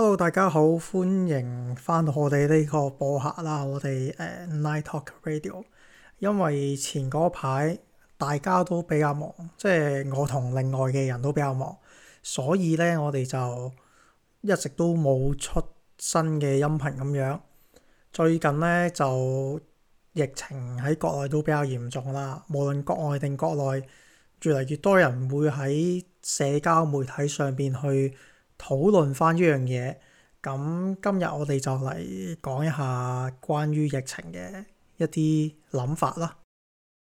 Hello，大家好，歡迎翻到我哋呢個播客啦，我哋誒 Night Talk Radio。因為前嗰排大家都比較忙，即係我同另外嘅人都比較忙，所以咧我哋就一直都冇出新嘅音頻咁樣。最近咧就疫情喺國內都比較嚴重啦，無論國外定國內，越嚟越多人會喺社交媒體上邊去，討論翻呢樣嘢，咁今日我哋就嚟講一下關於疫情嘅一啲諗法啦。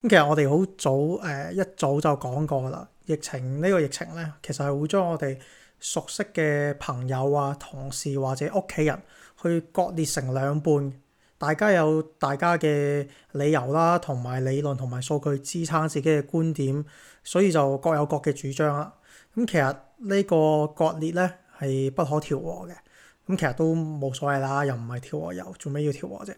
咁其實我哋好早誒、呃、一早就講過啦，疫情呢、呢個疫情咧，其實係會將我哋熟悉嘅朋友啊、同事或者屋企人去割裂成兩半，大家有大家嘅理由啦，同埋理論同埋數據支撐自己嘅觀點，所以就各有各嘅主張啦。咁其實呢個割裂咧係不可調和嘅。咁其實都冇所謂啦，又唔係調和油，做咩要調和啫？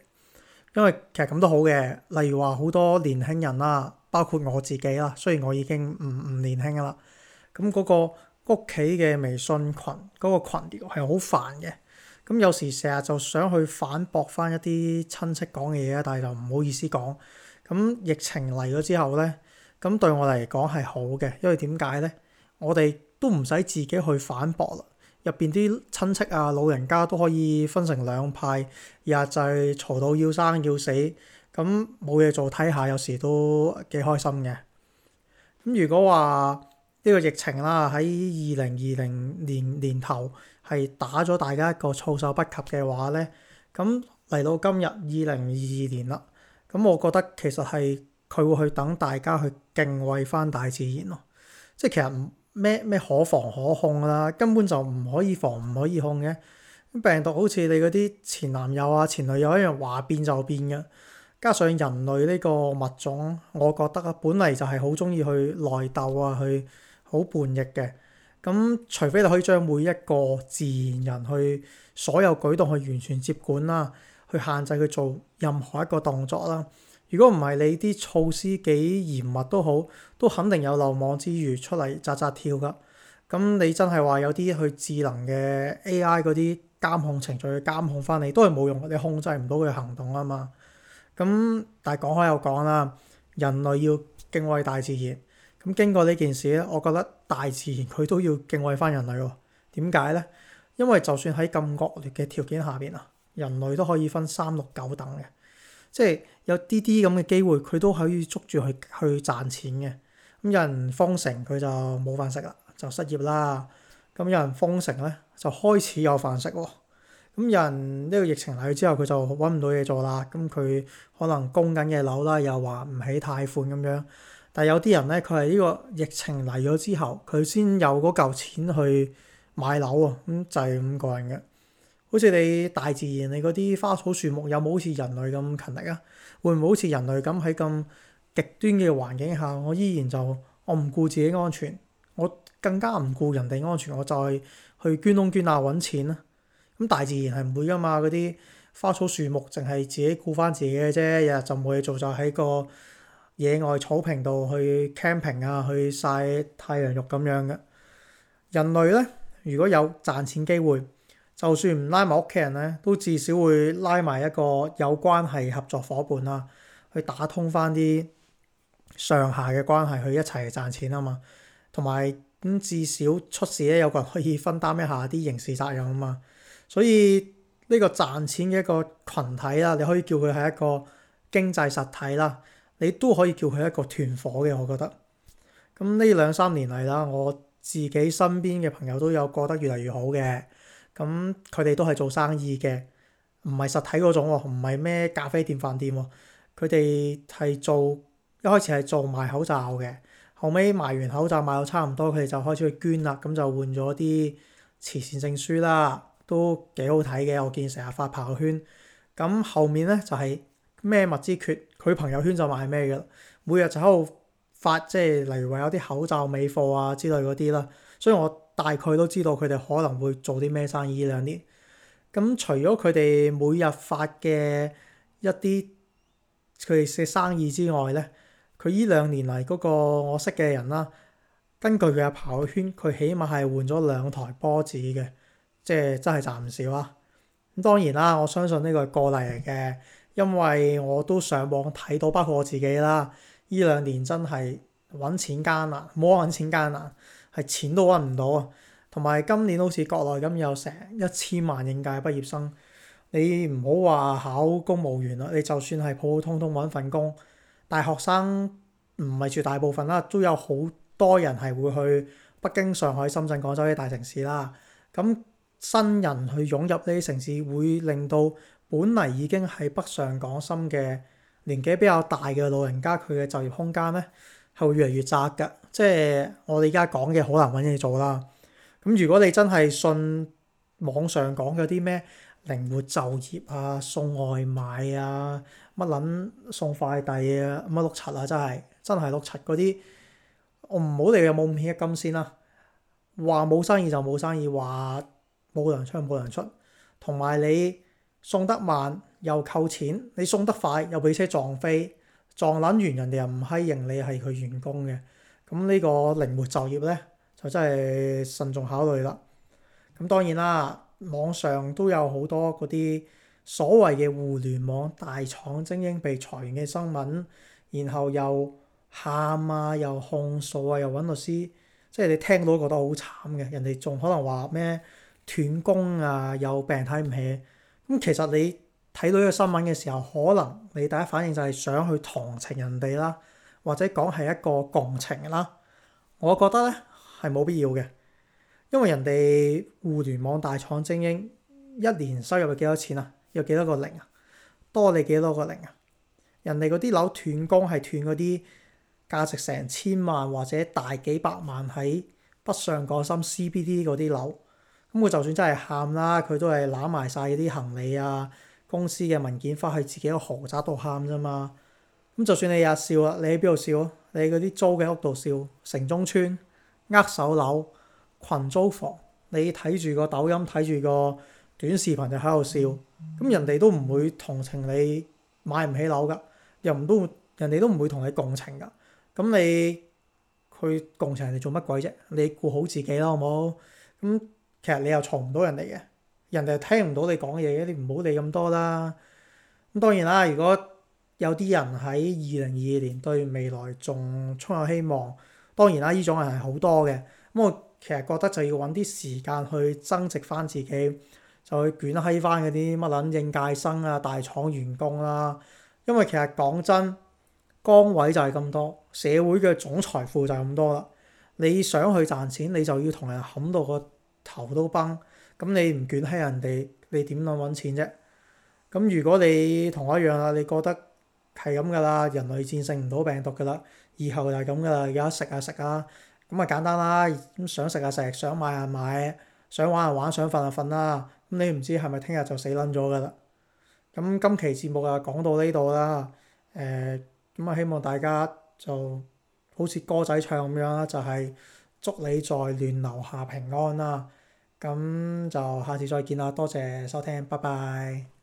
因為其實咁都好嘅。例如話好多年輕人啦，包括我自己啦，雖然我已經唔唔年輕㗎啦。咁嗰個屋企嘅微信群，嗰個群聊係好煩嘅。咁有時成日就想去反駁翻一啲親戚講嘅嘢，但係就唔好意思講。咁疫情嚟咗之後咧，咁對我嚟講係好嘅，因為點解咧？我哋都唔使自己去反駁啦，入邊啲親戚啊、老人家都可以分成兩派，日日就係嘈到要生要死，咁冇嘢做睇下，有時都幾開心嘅。咁如果話呢個疫情啦、啊，喺二零二零年年頭係打咗大家一個措手不及嘅話咧，咁嚟到今日二零二二年啦，咁我覺得其實係佢會去等大家去敬畏翻大自然咯，即係其實唔～咩咩可防可控啦，根本就唔可以防唔可以控嘅。病毒好似你嗰啲前男友啊、前女友一樣，話變就變嘅。加上人類呢個物種，我覺得啊，本嚟就係好鍾意去內鬥啊，去好叛逆嘅。咁除非你可以將每一個自然人去所有舉動去完全接管啦，去限制佢做任何一個動作啦。如果唔係你啲措施幾嚴密都好，都肯定有漏網之魚出嚟扎扎跳㗎。咁你真係話有啲去智能嘅 AI 嗰啲監控程序去監控翻你，都係冇用嘅。你控制唔到佢行動啊嘛。咁但係講開又講啦，人類要敬畏大自然。咁經過呢件事咧，我覺得大自然佢都要敬畏翻人類喎、哦。點解咧？因為就算喺咁惡劣嘅條件下邊啊，人類都可以分三六九等嘅。即係有啲啲咁嘅機會，佢都可以捉住去去賺錢嘅。咁有人封城，佢就冇飯食啦，就失業啦。咁有人封城咧，就開始有飯食喎。咁有人呢個疫情嚟咗之後，佢就揾唔到嘢做啦。咁佢可能供緊嘅樓啦，又還唔起貸款咁樣。但係有啲人咧，佢係呢個疫情嚟咗之後，佢先有嗰嚿錢去買樓喎。咁就係五個人嘅。好似你大自然，你嗰啲花草樹木有冇好似人類咁勤力啊？會唔會好似人類咁喺咁極端嘅環境下，我依然就我唔顧自己安全，我更加唔顧人哋安全，我就係去捐窿捐罅揾錢啊，咁大自然係唔會噶嘛，嗰啲花草樹木淨係自己顧翻自己嘅啫，日日就冇嘢做，就喺個野外草坪度去 camping 啊，去曬太陽浴咁樣嘅。人類咧，如果有賺錢機會。就算唔拉埋屋企人咧，都至少會拉埋一個有關係合作伙伴啦，去打通翻啲上下嘅關係，去一齊賺錢啊嘛。同埋咁至少出事咧，有個人可以分擔一下啲刑事責任啊嘛。所以呢個賺錢嘅一個群體啦，你可以叫佢係一個經濟實體啦，你都可以叫佢一個團伙嘅。我覺得咁呢兩三年嚟啦，我自己身邊嘅朋友都有過得越嚟越好嘅。咁佢哋都係做生意嘅，唔係實體嗰種喎，唔係咩咖啡店、飯店喎。佢哋係做一開始係做賣口罩嘅，後尾賣完口罩賣到差唔多，佢哋就開始去捐啦，咁就換咗啲慈善證書啦，都幾好睇嘅。我見成日發朋友圈。咁後面咧就係、是、咩物資缺，佢朋友圈就賣咩嘅啦。每日就喺度發，即係例如話有啲口罩尾貨啊之類嗰啲啦，所以我，大概都知道佢哋可能會做啲咩生意。依兩年咁，除咗佢哋每日發嘅一啲佢哋嘅生意之外咧，佢依兩年嚟嗰個我識嘅人啦，根據佢嘅朋友圈，佢起碼係換咗兩台波子嘅，即係真係賺唔少啊！咁當然啦，我相信呢個係個例嚟嘅，因為我都上網睇到，包括我自己啦，依兩年真係揾錢艱難，唔好揾錢艱難。係錢都揾唔到啊！同埋今年好似國內咁有成一千萬應屆畢業生，你唔好話考公務員啦，你就算係普普通通揾份工，大學生唔係絕大部分啦，都有好多人係會去北京、上海、深圳、廣州呢啲大城市啦。咁新人去湧入呢啲城市，會令到本嚟已經喺北上廣深嘅年紀比較大嘅老人家，佢嘅就業空間咧？係會越嚟越窄噶，即係我哋依家講嘅好難揾嘢做啦。咁如果你真係信網上講嗰啲咩靈活就業啊、送外賣啊、乜撚送快遞啊、乜碌柒啊，真係真係碌柒嗰啲，我唔好理佢有冇五險一金先、啊、啦。話冇生意就冇生意，話冇糧出就冇糧出，同埋你送得慢又扣錢，你送得快又俾車撞飛。撞撚完人哋又唔閪認你係佢員工嘅，咁呢個靈活就業咧就真係慎重考慮啦。咁當然啦，網上都有好多嗰啲所謂嘅互聯網大廠精英被裁員嘅新聞，然後又喊啊，又控訴啊，又揾律師，即係你聽到覺得好慘嘅，人哋仲可能話咩斷供啊，有病睇唔起，咁其實你睇到呢個新聞嘅時候，可能你第一反應就係想去同情人哋啦，或者講係一個共情啦。我覺得咧係冇必要嘅，因為人哋互聯網大廠精英一年收入係幾多錢啊？有幾多個零啊？多你幾多個零啊？人哋嗰啲樓斷供係斷嗰啲價值成千萬或者大幾百萬喺北上廣深 CBD 嗰啲樓咁，佢就算真係喊啦，佢都係攬埋晒啲行李啊～公司嘅文件返去自己個豪宅度喊啫嘛，咁就算你日日笑啦，你喺邊度笑啊？你喺嗰啲租嘅屋度笑，城中村握手樓群租房，你睇住個抖音睇住個短視頻就喺度笑，咁人哋都唔會同情你買唔起樓噶，又唔都人哋都唔會同你共情噶，咁你去共情人哋做乜鬼啫？你顧好自己啦，好唔好？咁其實你又嘈唔到人哋嘅。人哋聽唔到你講嘢，你唔好理咁多啦。咁當然啦，如果有啲人喺二零二二年對未來仲充滿希望，當然啦，呢種人係好多嘅。咁我其實覺得就要揾啲時間去增值翻自己，就去捲閪翻嗰啲乜撚應屆生啊、大廠員工啦、啊。因為其實講真，崗位就係咁多，社會嘅總財富就係咁多啦。你想去賺錢，你就要同人冚到個頭都崩。咁你唔捲起人哋，你點樣揾錢啫？咁如果你同我一樣呀，你覺得係咁噶啦，人類戰勝唔到病毒噶啦，以後就係咁噶啦，而家食啊食啦，咁啊簡單啦，想食啊食，想買啊買，想玩啊玩，想瞓啊瞓啦，咁你唔知係咪聽日就死撚咗噶啦？咁今期節目啊，講到呢度啦，誒，咁啊希望大家就好似歌仔唱咁樣啦，就係祝你在亂流下平安啦～咁就下次再見啦。多謝收聽，拜拜。